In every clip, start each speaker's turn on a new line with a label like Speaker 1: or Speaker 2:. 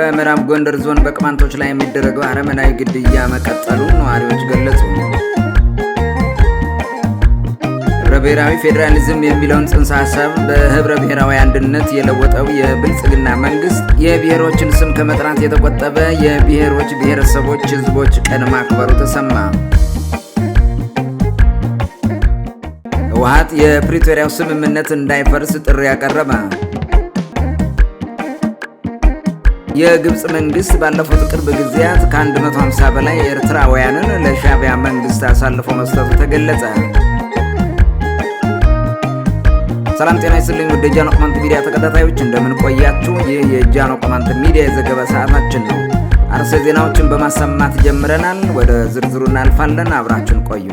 Speaker 1: በምዕራብ ጎንደር ዞን በቅማንቶች ላይ የሚደረገው አረመናዊ ግድያ መቀጠሉ ነዋሪዎች ገለጹ። ህብረ ብሔራዊ ፌዴራሊዝም የሚለውን ጽንሰ ሀሳብ በህብረ ብሔራዊ አንድነት የለወጠው የብልጽግና መንግስት የብሔሮችን ስም ከመጥራት የተቆጠበ የብሔሮች ብሔረሰቦች ህዝቦች ቀን ማክበሩ ተሰማ። ህወሓት የፕሪቶሪያው ስምምነት እንዳይፈርስ ጥሪ ያቀረበ የግብፅ መንግስት ባለፉት ቅርብ ጊዜያት ከ150 በላይ ኤርትራውያንን ለሻቢያ መንግስት አሳልፎ መስጠቱ ተገለጸ። ሰላም ጤና ይስጥልኝ። ወደ ጃኖ ቅማንት ሚዲያ ተከታታዮች እንደምን ቆያችሁ? ይህ የጃኖ ቅማንት ሚዲያ የዘገባ ሰዓታችን ነው። አርዕስተ ዜናዎችን በማሰማት ጀምረናል። ወደ ዝርዝሩ እናልፋለን። አብራችን ቆዩ።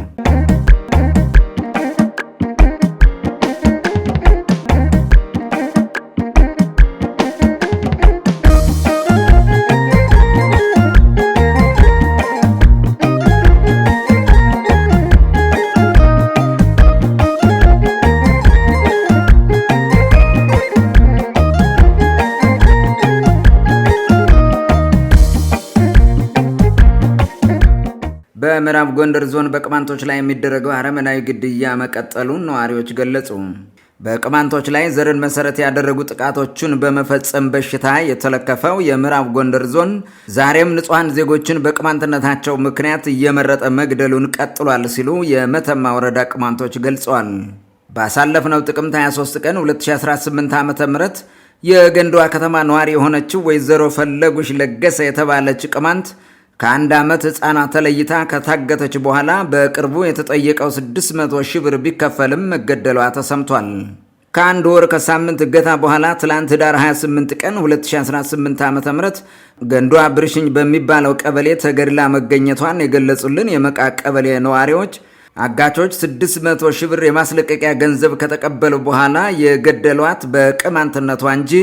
Speaker 1: በምዕራብ ጎንደር ዞን በቅማንቶች ላይ የሚደረገው አረመናዊ ግድያ መቀጠሉን ነዋሪዎች ገለጹ። በቅማንቶች ላይ ዘርን መሰረት ያደረጉ ጥቃቶችን በመፈጸም በሽታ የተለከፈው የምዕራብ ጎንደር ዞን ዛሬም ንጹሐን ዜጎችን በቅማንትነታቸው ምክንያት እየመረጠ መግደሉን ቀጥሏል ሲሉ የመተማ ወረዳ ቅማንቶች ገልጸዋል። ባሳለፍነው ጥቅምት 23 ቀን 2018 ዓ ም የገንዳዋ ከተማ ነዋሪ የሆነችው ወይዘሮ ፈለጉሽ ለገሰ የተባለች ቅማንት ከአንድ ዓመት ሕፃና ተለይታ ከታገተች በኋላ በቅርቡ የተጠየቀው 600 ሺህ ብር ቢከፈልም መገደሏ ተሰምቷል። ከአንድ ወር ከሳምንት እገታ በኋላ ትላንት ህዳር 28 ቀን 2018 ዓ ም ገንዷ ብርሽኝ በሚባለው ቀበሌ ተገድላ መገኘቷን የገለጹልን የመቃ ቀበሌ ነዋሪዎች አጋቾች 600 ሺህ ብር የማስለቀቂያ ገንዘብ ከተቀበሉ በኋላ የገደሏት በቅማንትነቷ እንጂ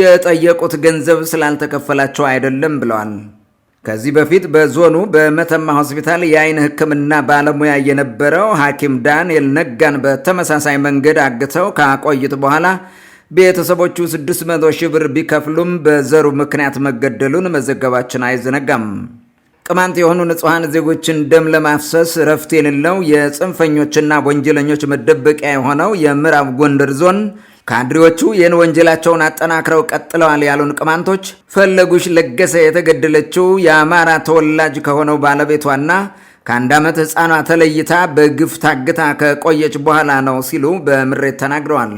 Speaker 1: የጠየቁት ገንዘብ ስላልተከፈላቸው አይደለም ብለዋል። ከዚህ በፊት በዞኑ በመተማ ሆስፒታል የአይን ሕክምና ባለሙያ የነበረው ሐኪም ዳንኤል ነጋን በተመሳሳይ መንገድ አግተው ካቆይት በኋላ ቤተሰቦቹ 600 ሺህ ብር ቢከፍሉም በዘሩ ምክንያት መገደሉን መዘገባችን አይዘነጋም። ቅማንት የሆኑ ንጹሐን ዜጎችን ደም ለማፍሰስ ረፍት የሌለው የጽንፈኞችና ወንጀለኞች መደበቂያ የሆነው የምዕራብ ጎንደር ዞን ካድሬዎቹ ይህን ወንጀላቸውን አጠናክረው ቀጥለዋል ያሉን ቅማንቶች ፈለጉሽ ለገሰ የተገደለችው የአማራ ተወላጅ ከሆነው ባለቤቷና ከአንድ ዓመት ሕፃኗ ተለይታ በግፍ ታግታ ከቆየች በኋላ ነው ሲሉ በምሬት ተናግረዋል።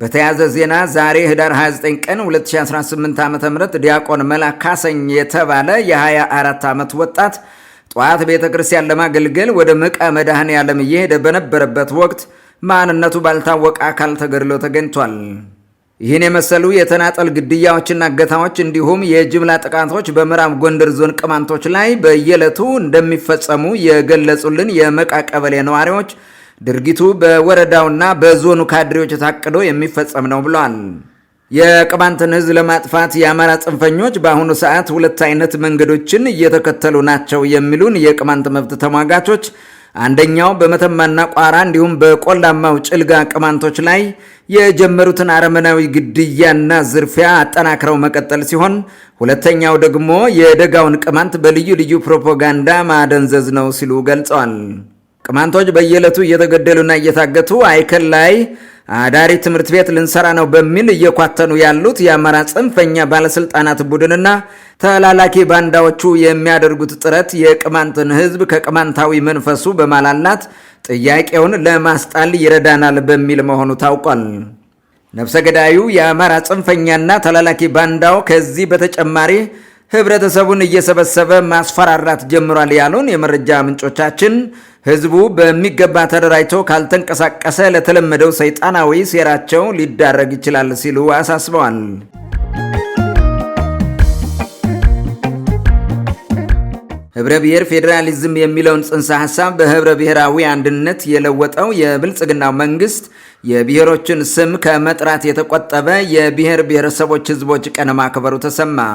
Speaker 1: በተያዘ ዜና ዛሬ ህዳር 29 ቀን 2018 ዓ ም ዲያቆን መላ ካሰኝ የተባለ የ24 ዓመት ወጣት ጠዋት ቤተ ክርስቲያን ለማገልገል ወደ መቃ መድኃኔ ዓለም እየሄደ በነበረበት ወቅት ማንነቱ ባልታወቀ አካል ተገድሎ ተገኝቷል። ይህን የመሰሉ የተናጠል ግድያዎችና እገታዎች እንዲሁም የጅምላ ጥቃቶች በምዕራብ ጎንደር ዞን ቅማንቶች ላይ በየዕለቱ እንደሚፈጸሙ የገለጹልን የመቃ ቀበሌ ነዋሪዎች ድርጊቱ በወረዳውና በዞኑ ካድሬዎች ታቅዶ የሚፈጸም ነው ብለዋል። የቅማንትን ሕዝብ ለማጥፋት የአማራ ጽንፈኞች በአሁኑ ሰዓት ሁለት አይነት መንገዶችን እየተከተሉ ናቸው የሚሉን የቅማንት መብት ተሟጋቾች አንደኛው በመተማና ቋራ እንዲሁም በቆላማው ጭልጋ ቅማንቶች ላይ የጀመሩትን አረመናዊ ግድያና ዝርፊያ አጠናክረው መቀጠል ሲሆን ሁለተኛው ደግሞ የደጋውን ቅማንት በልዩ ልዩ ፕሮፓጋንዳ ማደንዘዝ ነው ሲሉ ገልጸዋል። ቅማንቶች በየዕለቱ እየተገደሉና እየታገቱ አይከል ላይ አዳሪ ትምህርት ቤት ልንሰራ ነው በሚል እየኳተኑ ያሉት የአማራ ጽንፈኛ ባለስልጣናት ቡድንና ተላላኪ ባንዳዎቹ የሚያደርጉት ጥረት የቅማንትን ሕዝብ ከቅማንታዊ መንፈሱ በማላላት ጥያቄውን ለማስጣል ይረዳናል በሚል መሆኑ ታውቋል። ነፍሰ ገዳዩ የአማራ ጽንፈኛና ተላላኪ ባንዳው ከዚህ በተጨማሪ ህብረተሰቡን እየሰበሰበ ማስፈራራት ጀምሯል ያሉን የመረጃ ምንጮቻችን ህዝቡ በሚገባ ተደራጅቶ ካልተንቀሳቀሰ ለተለመደው ሰይጣናዊ ሴራቸው ሊዳረግ ይችላል ሲሉ አሳስበዋል። ህብረ ብሔር ፌዴራሊዝም የሚለውን ጽንሰ ሐሳብ በህብረ ብሔራዊ አንድነት የለወጠው የብልጽግናው መንግስት የብሔሮችን ስም ከመጥራት የተቆጠበ የብሔር ብሔረሰቦች ህዝቦች ቀን ማክበሩ ተሰማ።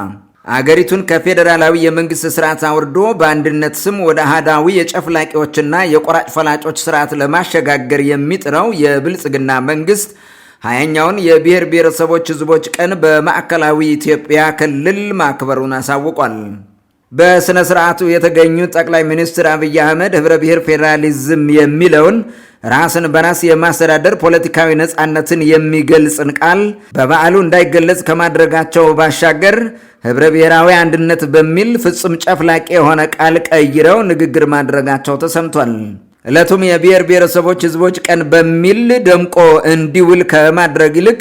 Speaker 1: አገሪቱን ከፌዴራላዊ የመንግስት ስርዓት አውርዶ በአንድነት ስም ወደ አህዳዊ የጨፍላቂዎችና የቆራጭ ፈላጮች ስርዓት ለማሸጋገር የሚጥረው የብልጽግና መንግስት ሀያኛውን የብሔር ብሔረሰቦች ህዝቦች ቀን በማዕከላዊ ኢትዮጵያ ክልል ማክበሩን አሳውቋል። በሥነ ሥርዓቱ የተገኙት ጠቅላይ ሚኒስትር አብይ አህመድ ኅብረ ብሔር ፌዴራሊዝም የሚለውን ራስን በራስ የማስተዳደር ፖለቲካዊ ነፃነትን የሚገልጽን ቃል በበዓሉ እንዳይገለጽ ከማድረጋቸው ባሻገር ህብረ ብሔራዊ አንድነት በሚል ፍጹም ጨፍላቂ የሆነ ቃል ቀይረው ንግግር ማድረጋቸው ተሰምቷል። ዕለቱም የብሔር ብሔረሰቦች ህዝቦች ቀን በሚል ደምቆ እንዲውል ከማድረግ ይልቅ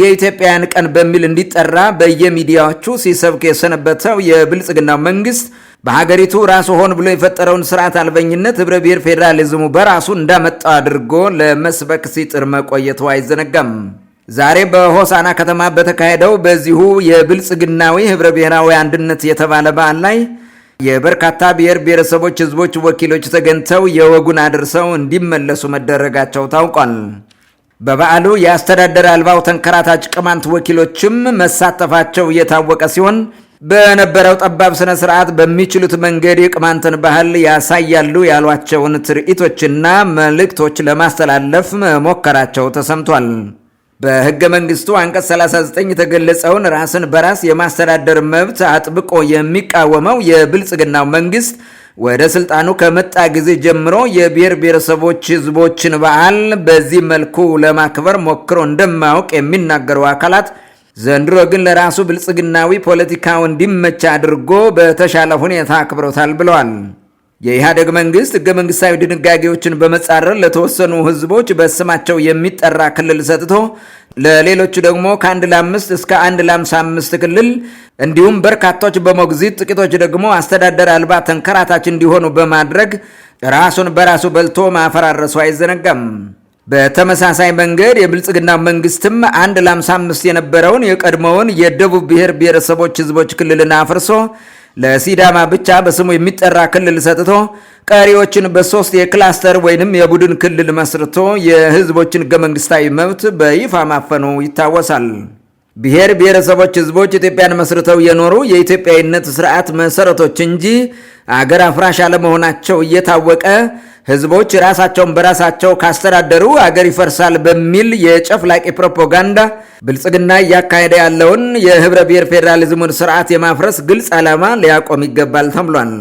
Speaker 1: የኢትዮጵያውያን ቀን በሚል እንዲጠራ በየሚዲያዎቹ ሲሰብክ የሰነበተው የብልጽግናው መንግስት በሀገሪቱ ራሱ ሆን ብሎ የፈጠረውን ስርዓት አልበኝነት ህብረ ብሔር ፌዴራሊዝሙ በራሱ እንዳመጣው አድርጎ ለመስበክ ሲጥር መቆየቱ አይዘነጋም። ዛሬ በሆሳና ከተማ በተካሄደው በዚሁ የብልጽግናዊ ህብረ ብሔራዊ አንድነት የተባለ በዓል ላይ የበርካታ ብሔር ብሔረሰቦች ህዝቦች ወኪሎች ተገኝተው የወጉን አድርሰው እንዲመለሱ መደረጋቸው ታውቋል። በበዓሉ የአስተዳደር አልባው ተንከራታጭ ቅማንት ወኪሎችም መሳተፋቸው እየታወቀ ሲሆን በነበረው ጠባብ ስነ ስርዓት በሚችሉት መንገድ የቅማንትን ባህል ያሳያሉ ያሏቸውን ትርኢቶችና መልእክቶች ለማስተላለፍ መሞከራቸው ተሰምቷል። በህገ መንግስቱ አንቀጽ 39 የተገለጸውን ራስን በራስ የማስተዳደር መብት አጥብቆ የሚቃወመው የብልጽግናው መንግስት ወደ ስልጣኑ ከመጣ ጊዜ ጀምሮ የብሔር ብሔረሰቦች ህዝቦችን በዓል በዚህ መልኩ ለማክበር ሞክሮ እንደማያውቅ የሚናገሩ አካላት ዘንድሮ ግን ለራሱ ብልጽግናዊ ፖለቲካው እንዲመቻ አድርጎ በተሻለ ሁኔታ አክብሮታል ብለዋል። የኢህአደግ መንግስት ህገ መንግስታዊ ድንጋጌዎችን በመጻረር ለተወሰኑ ህዝቦች በስማቸው የሚጠራ ክልል ሰጥቶ ለሌሎቹ ደግሞ ከአንድ ለአምስት እስከ አንድ ለአምሳ አምስት ክልል እንዲሁም በርካቶች በሞግዚት ጥቂቶች ደግሞ አስተዳደር አልባ ተንከራታች እንዲሆኑ በማድረግ ራሱን በራሱ በልቶ ማፈራረሱ አይዘነጋም። በተመሳሳይ መንገድ የብልጽግና መንግስትም አንድ ለ55 የነበረውን የቀድሞውን የደቡብ ብሔር ብሔረሰቦች ህዝቦች ክልልን አፍርሶ ለሲዳማ ብቻ በስሙ የሚጠራ ክልል ሰጥቶ ቀሪዎችን በሶስት የክላስተር ወይንም የቡድን ክልል መስርቶ የህዝቦችን ህገ መንግስታዊ መብት በይፋ ማፈኑ ይታወሳል። ብሔር ብሔረሰቦች ህዝቦች ኢትዮጵያን መስርተው የኖሩ የኢትዮጵያዊነት ስርዓት መሰረቶች እንጂ አገር አፍራሽ አለመሆናቸው እየታወቀ ህዝቦች ራሳቸውን በራሳቸው ካስተዳደሩ አገር ይፈርሳል በሚል የጨፍላቂ ፕሮፓጋንዳ ብልጽግና እያካሄደ ያለውን የህብረ ብሔር ፌዴራሊዝሙን ስርዓት የማፍረስ ግልጽ ዓላማ ሊያቆም ይገባል ተብሏል።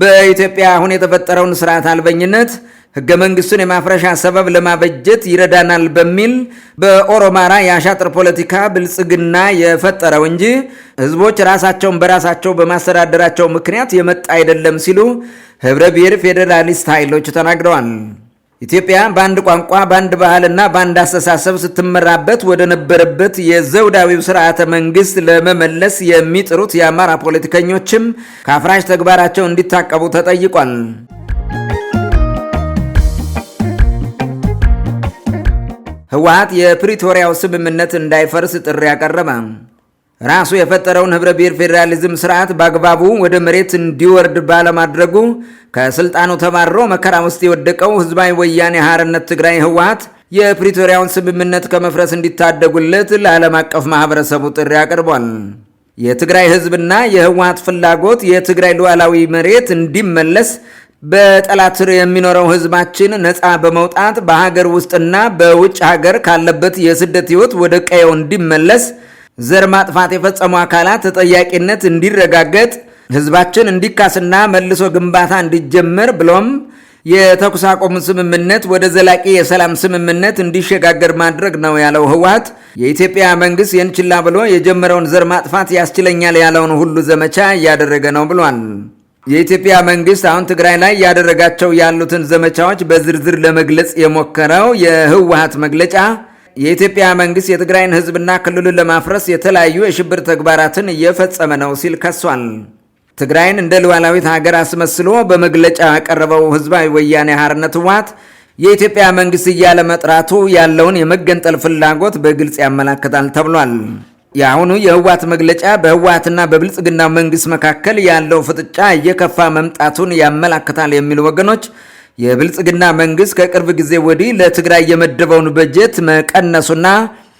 Speaker 1: በኢትዮጵያ አሁን የተፈጠረውን ስርዓት አልበኝነት ህገ መንግስቱን የማፍረሻ ሰበብ ለማበጀት ይረዳናል በሚል በኦሮማራ የአሻጥር ፖለቲካ ብልጽግና የፈጠረው እንጂ ህዝቦች ራሳቸውን በራሳቸው በማስተዳደራቸው ምክንያት የመጣ አይደለም ሲሉ ህብረ ብሔር ፌዴራሊስት ኃይሎች ተናግረዋል። ኢትዮጵያ በአንድ ቋንቋ በአንድ ባህልና በአንድ አስተሳሰብ ስትመራበት ወደ ነበረበት የዘውዳዊው ስርዓተ መንግስት ለመመለስ የሚጥሩት የአማራ ፖለቲከኞችም ከአፍራሽ ተግባራቸው እንዲታቀቡ ተጠይቋል። ህወሀት የፕሪቶሪያው ስምምነት እንዳይፈርስ ጥሪ አቀረበ። ራሱ የፈጠረውን ህብረ ብሔር ፌዴራሊዝም ስርዓት በአግባቡ ወደ መሬት እንዲወርድ ባለማድረጉ ከስልጣኑ ተማርሮ መከራ ውስጥ የወደቀው ህዝባዊ ወያኔ ሐርነት ትግራይ ህወሀት የፕሪቶሪያውን ስምምነት ከመፍረስ እንዲታደጉለት ለዓለም አቀፍ ማህበረሰቡ ጥሪ አቅርቧል። የትግራይ ህዝብና የህወሀት ፍላጎት የትግራይ ሉዓላዊ መሬት እንዲመለስ በጠላት ስር የሚኖረው ህዝባችን ነፃ በመውጣት በሀገር ውስጥና በውጭ ሀገር ካለበት የስደት ህይወት ወደ ቀየው እንዲመለስ ዘር ማጥፋት የፈጸሙ አካላት ተጠያቂነት እንዲረጋገጥ ህዝባችን እንዲካስና መልሶ ግንባታ እንዲጀመር ብሎም የተኩስ አቁም ስምምነት ወደ ዘላቂ የሰላም ስምምነት እንዲሸጋገር ማድረግ ነው ያለው ህወሓት። የኢትዮጵያ መንግስት የንችላ ብሎ የጀመረውን ዘር ማጥፋት ያስችለኛል ያለውን ሁሉ ዘመቻ እያደረገ ነው ብሏል። የኢትዮጵያ መንግስት አሁን ትግራይ ላይ እያደረጋቸው ያሉትን ዘመቻዎች በዝርዝር ለመግለጽ የሞከረው የህወሓት መግለጫ የኢትዮጵያ መንግስት የትግራይን ህዝብና ክልሉን ለማፍረስ የተለያዩ የሽብር ተግባራትን እየፈጸመ ነው ሲል ከሷል። ትግራይን እንደ ሉዓላዊት ሀገር አስመስሎ በመግለጫ ያቀረበው ህዝባዊ ወያኔ ሓርነት ህወሓት የኢትዮጵያ መንግስት እያለ መጥራቱ ያለውን የመገንጠል ፍላጎት በግልጽ ያመላክታል ተብሏል። የአሁኑ የህወሓት መግለጫ በህወሓትና በብልጽግና መንግስት መካከል ያለው ፍጥጫ እየከፋ መምጣቱን ያመላክታል የሚሉ ወገኖች የብልጽግና መንግስት ከቅርብ ጊዜ ወዲህ ለትግራይ የመደበውን በጀት መቀነሱና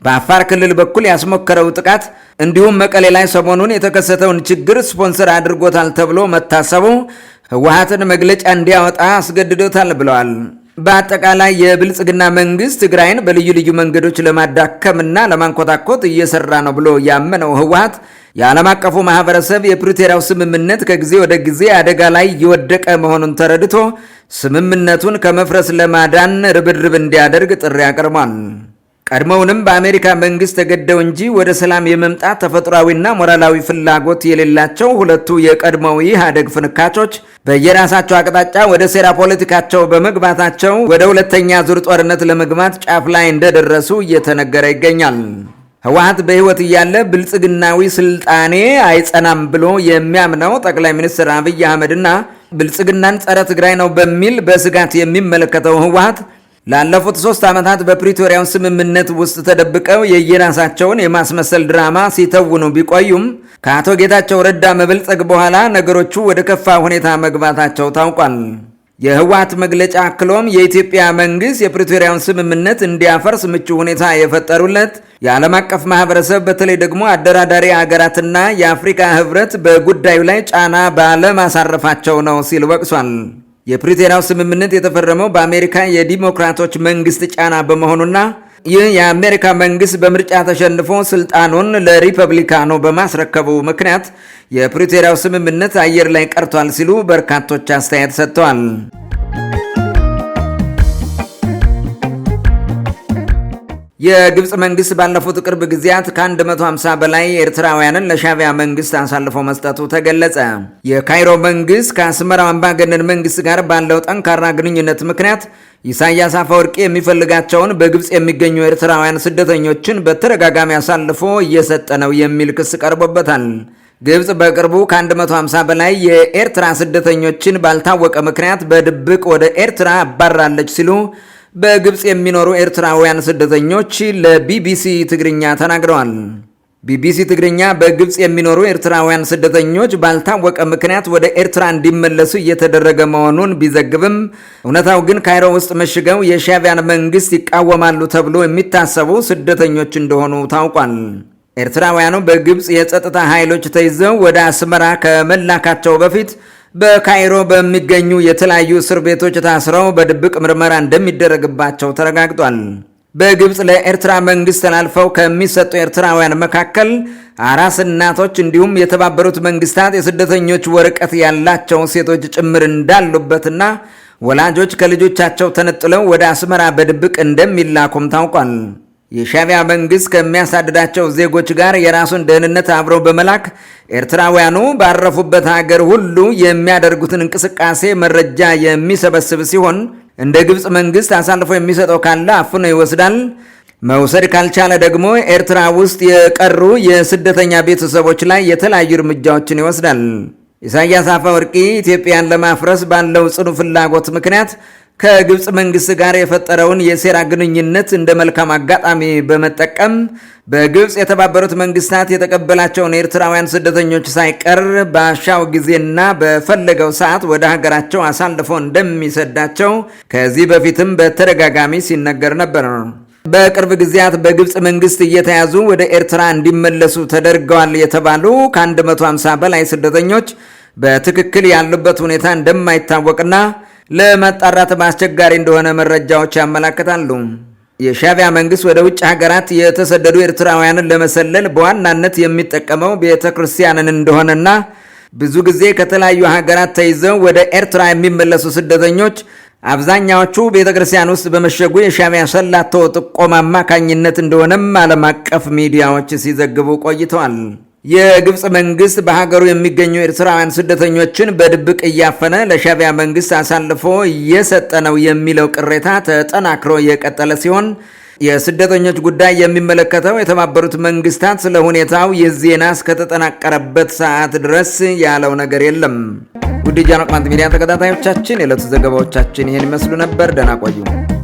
Speaker 1: በአፋር ክልል በኩል ያስሞከረው ጥቃት እንዲሁም መቀሌ ላይ ሰሞኑን የተከሰተውን ችግር ስፖንሰር አድርጎታል ተብሎ መታሰቡ ህወሓትን መግለጫ እንዲያወጣ አስገድዶታል ብለዋል። በአጠቃላይ የብልጽግና መንግስት ትግራይን በልዩ ልዩ መንገዶች ለማዳከምና ለማንኮታኮት እየሰራ ነው ብሎ ያመነው ህወሓት የዓለም አቀፉ ማህበረሰብ የፕሪቶሪያው ስምምነት ከጊዜ ወደ ጊዜ አደጋ ላይ እየወደቀ መሆኑን ተረድቶ ስምምነቱን ከመፍረስ ለማዳን ርብርብ እንዲያደርግ ጥሪ አቅርቧል። ቀድሞውንም በአሜሪካ መንግስት ተገደው እንጂ ወደ ሰላም የመምጣት ተፈጥሯዊና ሞራላዊ ፍላጎት የሌላቸው ሁለቱ የቀድሞው ኢህአዴግ ፍንካቾች በየራሳቸው አቅጣጫ ወደ ሴራ ፖለቲካቸው በመግባታቸው ወደ ሁለተኛ ዙር ጦርነት ለመግባት ጫፍ ላይ እንደደረሱ እየተነገረ ይገኛል። ህወሀት በህይወት እያለ ብልጽግናዊ ስልጣኔ አይጸናም ብሎ የሚያምነው ጠቅላይ ሚኒስትር አብይ አህመድና ብልጽግናን ጸረ ትግራይ ነው በሚል በስጋት የሚመለከተው ህወሀት ላለፉት ሶስት ዓመታት በፕሪቶሪያው ስምምነት ውስጥ ተደብቀው የየራሳቸውን የማስመሰል ድራማ ሲተውኑ ቢቆዩም ከአቶ ጌታቸው ረዳ መበልጸግ በኋላ ነገሮቹ ወደ ከፋ ሁኔታ መግባታቸው ታውቋል። የህወሓት መግለጫ አክሎም የኢትዮጵያ መንግሥት የፕሪቶሪያውን ስምምነት እንዲያፈርስ ምቹ ሁኔታ የፈጠሩለት የዓለም አቀፍ ማህበረሰብ በተለይ ደግሞ አደራዳሪ አገራትና የአፍሪካ ህብረት በጉዳዩ ላይ ጫና ባለማሳረፋቸው ነው ሲል ወቅሷል። የፕሪቴናው ስምምነት የተፈረመው በአሜሪካ የዲሞክራቶች መንግስት ጫና በመሆኑና ይህ የአሜሪካ መንግስት በምርጫ ተሸንፎ ስልጣኑን ለሪፐብሊካኑ በማስረከቡ ምክንያት የፕሪቶሪያው ስምምነት አየር ላይ ቀርቷል ሲሉ በርካቶች አስተያየት ሰጥተዋል። የግብፅ መንግስት ባለፉት ቅርብ ጊዜያት ከ150 በላይ ኤርትራውያንን ለሻቢያ መንግስት አሳልፎ መስጠቱ ተገለጸ። የካይሮ መንግስት ከአስመራው አምባገነን መንግስት ጋር ባለው ጠንካራ ግንኙነት ምክንያት ኢሳያስ አፈወርቂ የሚፈልጋቸውን በግብፅ የሚገኙ ኤርትራውያን ስደተኞችን በተደጋጋሚ አሳልፎ እየሰጠ ነው የሚል ክስ ቀርቦበታል። ግብፅ በቅርቡ ከ150 በላይ የኤርትራ ስደተኞችን ባልታወቀ ምክንያት በድብቅ ወደ ኤርትራ አባራለች ሲሉ በግብፅ የሚኖሩ ኤርትራውያን ስደተኞች ለቢቢሲ ትግርኛ ተናግረዋል። ቢቢሲ ትግርኛ በግብፅ የሚኖሩ ኤርትራውያን ስደተኞች ባልታወቀ ምክንያት ወደ ኤርትራ እንዲመለሱ እየተደረገ መሆኑን ቢዘግብም እውነታው ግን ካይሮ ውስጥ መሽገው የሻቢያን መንግስት ይቃወማሉ ተብሎ የሚታሰቡ ስደተኞች እንደሆኑ ታውቋል። ኤርትራውያኑ በግብፅ የጸጥታ ኃይሎች ተይዘው ወደ አስመራ ከመላካቸው በፊት በካይሮ በሚገኙ የተለያዩ እስር ቤቶች ታስረው በድብቅ ምርመራ እንደሚደረግባቸው ተረጋግጧል። በግብፅ ለኤርትራ መንግስት ተላልፈው ከሚሰጡ ኤርትራውያን መካከል አራስ እናቶች እንዲሁም የተባበሩት መንግስታት የስደተኞች ወረቀት ያላቸው ሴቶች ጭምር እንዳሉበትና ወላጆች ከልጆቻቸው ተነጥለው ወደ አስመራ በድብቅ እንደሚላኩም ታውቋል። የሻቢያ መንግስት ከሚያሳድዳቸው ዜጎች ጋር የራሱን ደህንነት አብረው በመላክ ኤርትራውያኑ ባረፉበት ሀገር ሁሉ የሚያደርጉትን እንቅስቃሴ መረጃ የሚሰበስብ ሲሆን እንደ ግብፅ መንግስት አሳልፎ የሚሰጠው ካለ አፍኖ ይወስዳል። መውሰድ ካልቻለ ደግሞ ኤርትራ ውስጥ የቀሩ የስደተኛ ቤተሰቦች ላይ የተለያዩ እርምጃዎችን ይወስዳል። ኢሳያስ አፈወርቂ ኢትዮጵያን ለማፍረስ ባለው ጽኑ ፍላጎት ምክንያት ከግብፅ መንግስት ጋር የፈጠረውን የሴራ ግንኙነት እንደ መልካም አጋጣሚ በመጠቀም በግብፅ የተባበሩት መንግስታት የተቀበላቸውን ኤርትራውያን ስደተኞች ሳይቀር ባሻው ጊዜና በፈለገው ሰዓት ወደ ሀገራቸው አሳልፎ እንደሚሰዳቸው ከዚህ በፊትም በተደጋጋሚ ሲነገር ነበር። በቅርብ ጊዜያት በግብፅ መንግስት እየተያዙ ወደ ኤርትራ እንዲመለሱ ተደርገዋል የተባሉ ከ150 በላይ ስደተኞች በትክክል ያሉበት ሁኔታ እንደማይታወቅና ለመጣራት አስቸጋሪ እንደሆነ መረጃዎች ያመላክታሉ። የሻቢያ መንግስት ወደ ውጭ ሀገራት የተሰደዱ ኤርትራውያንን ለመሰለል በዋናነት የሚጠቀመው ቤተ ክርስቲያንን እንደሆነና ብዙ ጊዜ ከተለያዩ ሀገራት ተይዘው ወደ ኤርትራ የሚመለሱ ስደተኞች አብዛኛዎቹ ቤተ ክርስቲያን ውስጥ በመሸጉ የሻቢያ ሰላቶ ጥቆማ አማካኝነት እንደሆነም ዓለም አቀፍ ሚዲያዎች ሲዘግቡ ቆይተዋል። የግብፅ መንግስት በሀገሩ የሚገኙ ኤርትራውያን ስደተኞችን በድብቅ እያፈነ ለሻቢያ መንግስት አሳልፎ እየሰጠ ነው የሚለው ቅሬታ ተጠናክሮ የቀጠለ ሲሆን የስደተኞች ጉዳይ የሚመለከተው የተባበሩት መንግስታት ስለ ሁኔታው ይህ ዜና እስከተጠናቀረበት ሰዓት ድረስ ያለው ነገር የለም። ውድ ጃኖ ሚዲያ ተከታታዮቻችን የዕለቱ ዘገባዎቻችን ይህን ይመስሉ ነበር። ደህና ቆዩ።